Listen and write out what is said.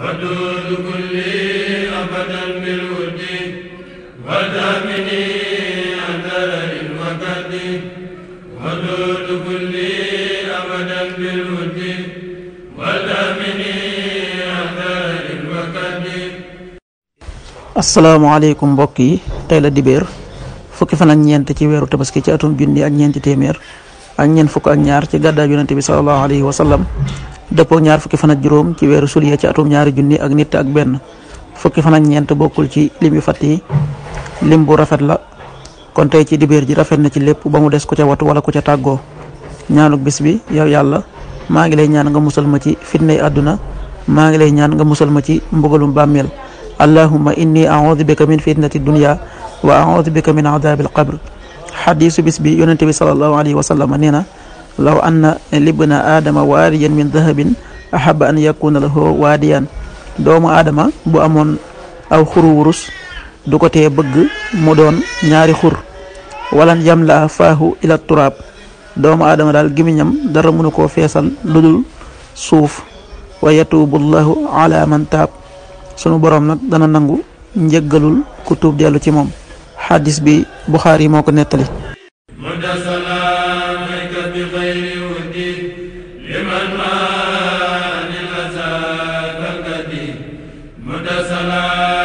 ودود كلي أبدا بالود ودامني أثر الوقت ودود كلي أبدا بالود ودامني أثر الوقت asalaamaaleykum mbokk yi tey la dibéer fukki fan ak ñeent ci weeru tabaski ci atum junni ak ñeenti téeméer ak ñeent fukk ak ñaar ci gàddaay yonente bi salallahu alayhi wa dëppoo ñaar fukki fan ak juróom ci weeru suliya ci atum ñaari junni ak nit ak benn fukki fan ñeent bokkul ci lim yu fatt lim bu rafet la kon tey ci dibéer ji rafet na ci lépp ba mu des ku ca wala ku ca tàggoo ñaanuk bis bi yow yàlla maa ngi lay ñaan nga musal ma ci fitnay àdduna maa ngi lay ñaan nga musal ma ci mbugalum bàmmeel allahumma inni aoudu bika min fitnati dunya wa aoudu bika min adabil qabr xadiisu bis bi bi sallallahu alayhi wa nee na law anna libna aadama waadiyan min dahabin ahaba an yakuna lahu waadiyan doomu aadama bu amoon aw xuru wurus du ko tee bëgg mu doon ñaari xur walan yamla faahu ila turaab doomu aadama daal gimiñam dara mënu koo feesal lu dul suuf wa yatuubu llahu taab sunu borom nag dana nangu njëggalul ku tuub dellu ci moom xadis bi Buxaari moo ko nettali ود سلامك بغير ودي لمن ما لنساك قدي مد سلامك